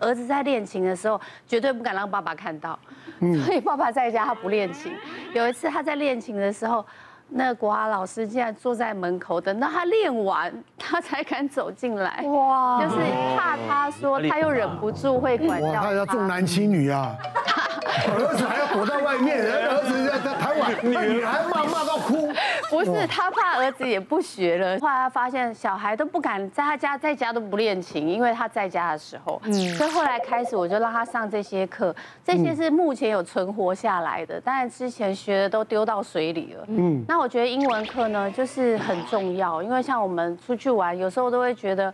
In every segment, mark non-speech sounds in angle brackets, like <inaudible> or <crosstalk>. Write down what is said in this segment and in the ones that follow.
兒子在練琴的時候，絕對不敢讓爸爸看到，所以爸爸在家他不練琴。有一次他在練琴的時候，那個國華老師竟然坐在門口，等到他練完，他才敢走進來，哇，就是怕他說他又忍不住會管教。他要重男輕女啊，他，兒子還要躲在外面。女孩罵罵到哭， <laughs> 不是他怕兒子也不學了，後來他發現小孩都不敢在他家，在家都不練琴，因為他在家的時候，嗯，所以後來開始我就讓他上這些課，這些是目前有存活下來的，但是之前學的都丟到水裡了，嗯，那我覺得英文課呢就是很重要，因為像我們出去玩，有時候都會覺得，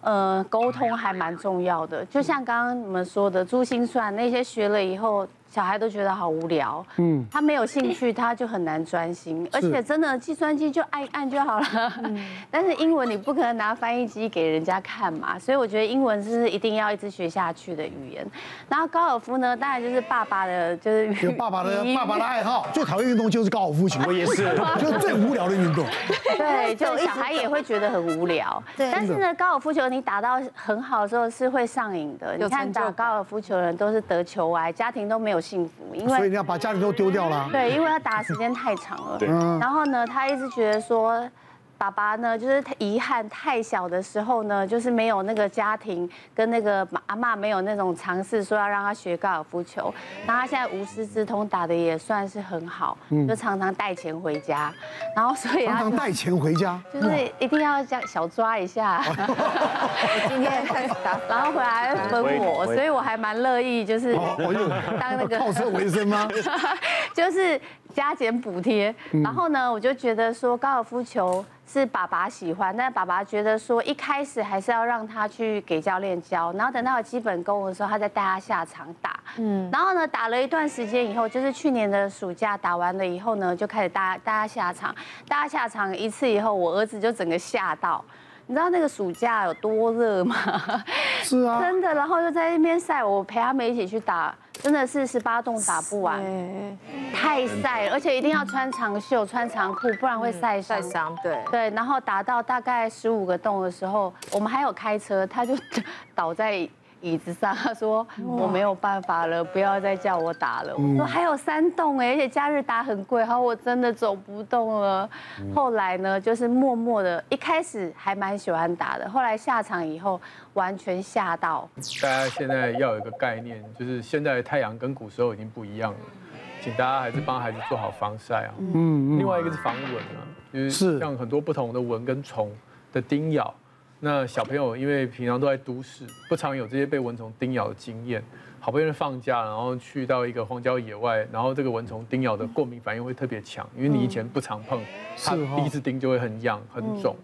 呃，溝通還蠻重要的，就像剛剛你們說的珠心算那些學了以後。小孩都覺得好無聊，嗯，他沒有興趣，他就很難專心。而且真的計算機就按一按就好了，但是英文你不可能拿翻譯機給人家看嘛，所以我覺得英文是一定要一直學下去的語言。然後高爾夫呢，當然就是爸爸的就是爸爸的爸爸的愛好，最討厭運動就是高爾夫球，我也是，就最無聊的運動。對，就小孩也會覺得很無聊。對，但是呢，高爾夫球你打到很好的時候是會上癮的，你看打高爾夫球的人都是得球歪，家庭都沒有。幸福。因為所以你要把家裡都丟掉了，啊。對，因為他打的時間太長了。對然後呢，他一直覺得說。爸爸呢，就是他遺憾太小的時候呢，就是沒有那個家庭跟那個阿媽沒有那種嘗試說要讓他學高爾夫球，然後他現在無師自通打得也算是很好，嗯、就常常帶錢回家，然後所以常常帶錢回家，就是一定要這樣小抓一下，哇今天打，對然後回來分我，喂所以我還蠻樂意，就是當那個好色為生嗎？就是。加減補貼，然後呢，我就覺得說高爾夫球是爸爸喜歡，但爸爸覺得說一開始還是要讓他去給教練教，然後等到有基本功的時候，他再帶他下場打。嗯，然後呢，打了一段時間以後，就是去年的暑假打完了以後呢，就開始帶大家下場，大家下場一次以後，我兒子就整個嚇到，你知道那個暑假有多熱嗎？是啊，真的，然後就在那邊曬，我陪他們一起去打。真的是十八洞打不完，是耶 太曬了，而且一定要穿長袖，穿長褲，不然會曬傷。曬傷，對對。然後打到大概十五個洞的時候，我們還有開車，他就倒在。椅子上，他說我沒有辦法了，不要再叫我打了。我說還有三洞哎，而且假日打很貴，好，我真的走不動了。後來呢，就是默默的，一開始還蠻喜歡打的，後來下場以後完全嚇到。嗯。大家現在要有一個概念，就是現在太陽跟古時候已經不一樣了，請大家還是幫孩子做好防曬啊。嗯嗯。另外一個是防蚊啊，就是像很多不同的蚊跟蟲的叮咬。那小朋友因為平常都在都市，不常有這些被蚊蟲叮咬的經驗，好不容易放假，然後去到一個荒郊野外，然後這個蚊蟲叮咬的過敏反應會特別強，因為你以前不常碰，他第一次叮就會很癢、很腫。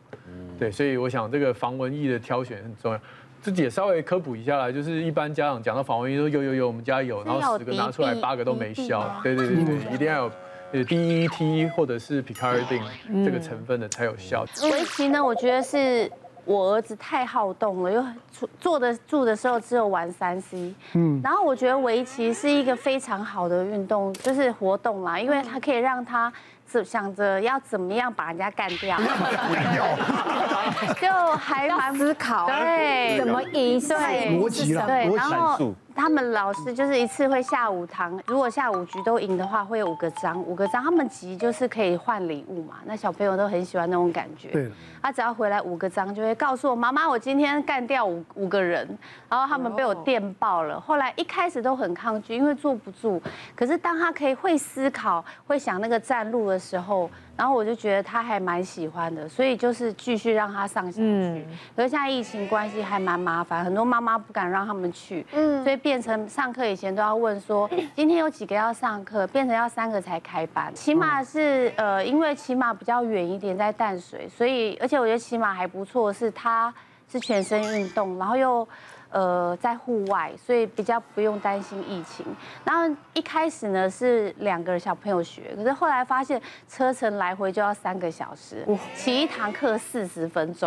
對，所以我想這個防蚊液的挑選很重要。自己也稍微科普一下啦，就是一般家長講到防蚊液說有有有，我們家有，然後十個拿出來八個都沒效。對對對對，一定要有 DEET 或者是 Picaridin 這個成分的才有效。嗯。圍、嗯、棋呢，我覺得是。我兒子太好動了，又坐得，住的時候只有玩三 C。嗯，然後我覺得圍棋是一個非常好的運動，就是活動啦，因為他可以讓他想着要怎麼樣把人家幹掉，就還蠻思考，對，對，對，怎麼移，對，麼，對，然後。他們老師就是一次會下五堂，如果下五局都贏的話，會有五個章，五個章，他們集就是可以換禮物嘛。那小朋友都很喜歡那種感覺，對了 他只要回來五個章，就會告訴我媽媽，我今天幹掉五五個人，然後他們被我電爆了。後來一開始都很抗拒，因為坐不住，可是當他可以會思考、會想那個戰略的時候。然後我就覺得他還蠻喜歡的，所以就是繼續讓他上下去。可是現在疫情關係還蠻麻煩，很多媽媽不敢讓他們去，所以變成上課以前都要問說今天有幾個要上課，變成要三個才開班。騎馬是呃，因為騎馬比較遠一點，在淡水，所以而且我覺得騎馬還不錯，是他是全身運動，然後又。呃，在戶外，所以比較不用擔心疫情。然後一開始呢是兩個小朋友學，可是後來發現車程來回就要三個小時，騎一堂課四十分鐘，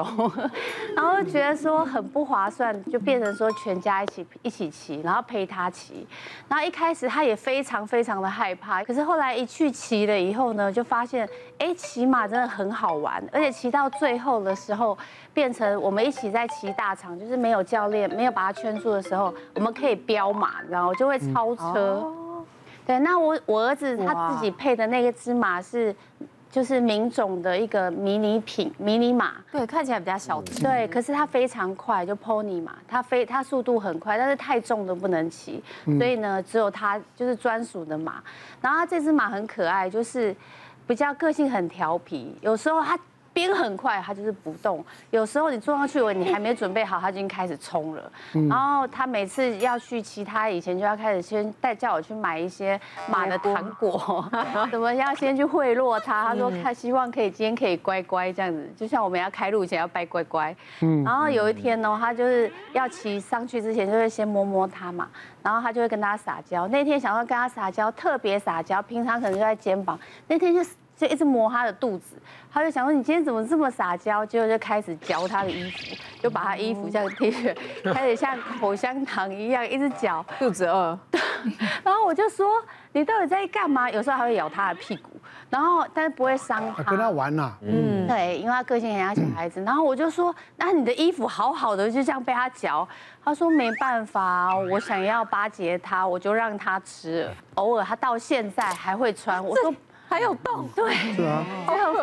然後就覺得說很不划算，就變成說全家一起一起騎，然後陪他騎。然後一開始他也非常非常的害怕，可是後來一去騎了以後呢，就發現哎、欸、騎馬真的很好玩，而且騎到最後的時候變成我們一起在騎大場，就是沒有教練，沒有。把它圈住的時候，我們可以飆馬，你知道嗎？就會超車。對，那我我兒子他自己配的那個隻馬是，哇就是名種的一個迷你品，迷你馬。對，看起來比較小只。嗯、對，可是它非常快，就 pony 馬，它飛，它速度很快，但是太重都不能騎，嗯、所以呢，只有它就是專屬的馬。然後他這只馬很可愛，就是比較個性很調皮，有時候它。冰很快，他就是不動。有時候你坐上去，我你還沒準備好，他就已經開始衝了。然後他每次要去騎，他以前就要開始先帶叫我去買一些馬的糖果，怎米菇 麼樣先去賄賂他。他說他希望可以今天可以乖乖這樣子，就像我們要開路以前要拜乖乖。嗯。然後有一天呢、喔，他就是要騎上去之前就會先摸摸他嘛，然後他就會跟他撒嬌。那天想說跟他撒嬌，特別撒嬌，平常可能就在肩膀，那天就就一直摸他的肚子，他就想說你今天怎麼這麼撒嬌？結果就開始嚼他的衣服，就把他衣服像貼着，開始像口香糖一樣一直嚼。肚子餓。然後我就說你到底在幹嘛？有時候還會咬他的屁股，然後但是不會傷他。跟他玩吶。嗯，對，因為他個性很像小孩子。然後我就說那你的衣服好好的就這樣被他嚼，他說沒辦法，我想要巴結他，我就讓他吃。偶爾他到現在還會穿。我說。還有洞，對，還有、啊、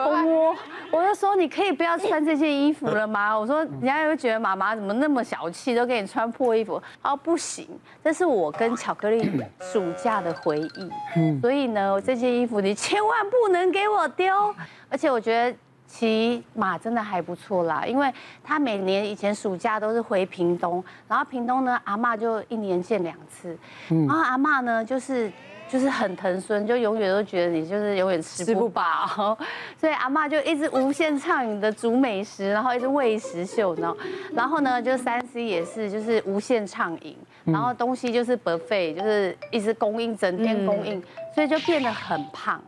蜂窩。我就說，你可以不要穿這件衣服了嗎？我說，人家又覺得媽媽怎麼那麼小氣，都給你穿破衣服。然後不行，這是我跟巧克力暑假的回憶。嗯、所以呢，這件衣服你千萬不能給我丟。而且我覺得騎馬真的還不錯啦，因為他每年以前暑假都是回屏東，然後屏東呢，阿嬤就一年見兩次。然後阿嬤呢，就是。就是很疼孫，就永遠都覺得你就是永遠吃不飽，所以阿嬤就一直無限暢飲的煮美食，然後一直餵食秀，你知道？然後呢，就三 C 也是就是無限暢飲，然後東西就是 buffet，就是一直供應，整天供應，所以就變得很胖。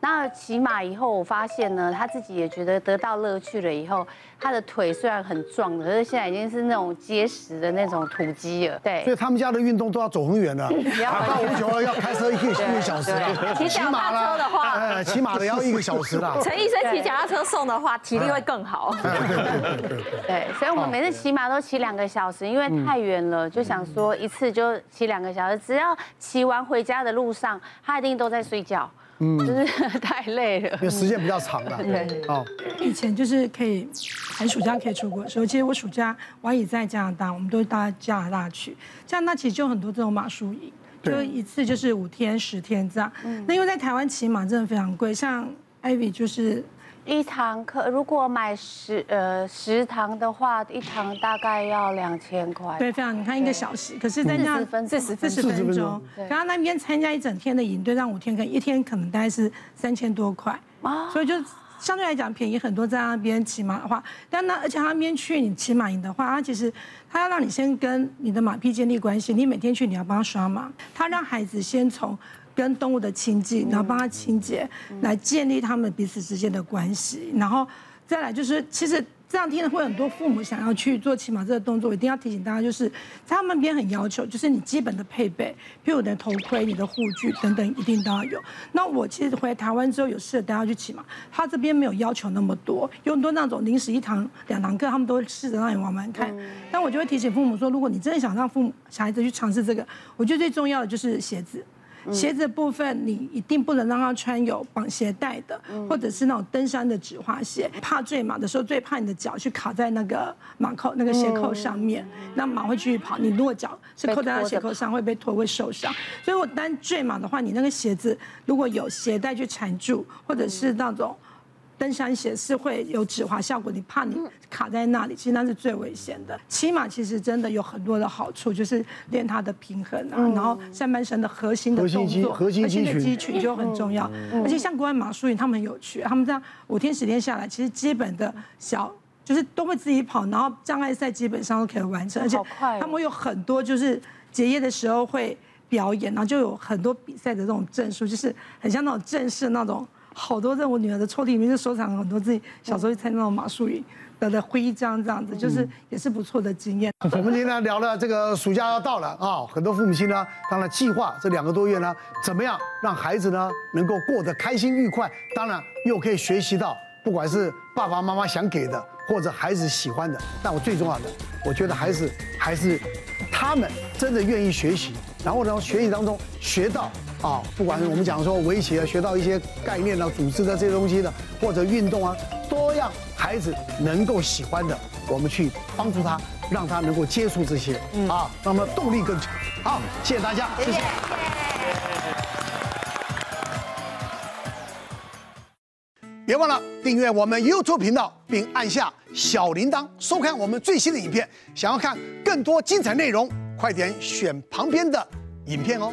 那騎馬以後，我發現呢，他自己也覺得得到樂趣了。以後他的腿雖然很壯，可是現在已經是那種結實的那種土雞了。對，所以他們家的運動都要走很遠的，到五九二要開車一一個小時騎馬了。騎腳踏車的話，哎，騎馬的要一個小時了。陳醫生騎腳踏車送的話，體力會更好。對，對，所以我們每次騎馬都騎兩個小時，因為太遠了，就想說一次就騎兩個小時，只要騎完回家的路上，他一定都在睡覺。嗯，就是太累了，因為時間比較長了，嗯。對，哦，oh. 以前就是可以，寒暑假可以出國的時候。所以其實我暑假，我也在加拿大，我們都到加拿大去。加拿大其實就很多這種馬術營，就一次就是五天、十天這樣。對那因為在台灣騎馬真的非常貴，像 Ivy 就是。一堂課，如果買十呃十堂的話，一堂大概要兩千塊。對，非常你看一個小時，對可是在那四十分四十分鐘。然後那邊參加一整天的營隊，讓五天可以。一天，可能大概是三千多塊。所以就相對來講便宜很多。在那邊騎馬的話，但那而且他那邊去你騎馬營的話，他其實他要讓你先跟你的馬匹建立關係，你每天去你要幫他刷馬，他讓孩子先從。跟動物的親近，然後幫它清潔，來建立他們彼此之間的關係。然後再來就是，其實這樣聽了會很多父母想要去做騎馬這個動作，一定要提醒大家，就是他們邊很要求，就是你基本的配備，比如你的頭盔、你的護具等等，一定都要有。那我其實回台灣之後有試了，帶他去騎馬，他這邊沒有要求那麼多，有很多那種臨時一堂兩堂課，他們都試着讓你玩玩看。嗯、但我就會提醒父母說，如果你真的想讓父母小孩子去嘗試這個，我覺得最重要的就是鞋子。嗯、鞋子的部分，你一定不能讓他穿有綁鞋帶的，嗯、或者是那種登山的止滑鞋。怕墜馬的時候，最怕你的腳去卡在那個馬扣、那個鞋扣上面，嗯、那馬會繼續跑。你如果腳是扣在他鞋扣上，被會被拖，會受傷。所以我單墜馬的話，你那個鞋子如果有鞋帶去纏住，或者是那種。登山鞋，是會有止滑效果，你怕你卡在那裡，其實那是最危險的。騎馬其實真的有很多的好處，就是練它的平衡啊，嗯、然後上半身的核心的動作，核心的肌群，核心肌群就很重要。嗯、而且像國外馬術營，他們很有趣，他們這樣五天十天下來，其實基本的小就是都會自己跑，然後障礙賽基本上都可以完成。而且他們有很多就是結業的時候會表演，然後就有很多比賽的這種證書，就是很像那種正式的那種。好多在我女兒的抽屜裡面就收藏了很多自己小時候參加那種馬術營的的徽章，這樣子就是也是不錯的經驗。我們今天聊了這個暑假要到了啊，很多父母親呢，當然計劃這兩個多月呢，怎麼樣讓孩子呢能夠過得開心愉快，當然又可以學習到，不管是爸爸媽媽想給的或者孩子喜歡的，但我最重要的，我覺得還是還是他們真的願意學習，然後呢學習當中學到。啊、哦，不管是我們講說圍棋啊，學到一些概念啊，組織的這些東西的，或者運動啊，都要孩子能夠喜歡的，我們去幫助他，讓他能夠接觸這些、嗯、啊，那麼動力更強。嗯、好，謝謝大家，謝謝。別忘了訂閱我們 YouTube 頻道，並按下小鈴鐺，收看我們最新的影片。想要看更多精彩內容，快點選旁邊的影片哦。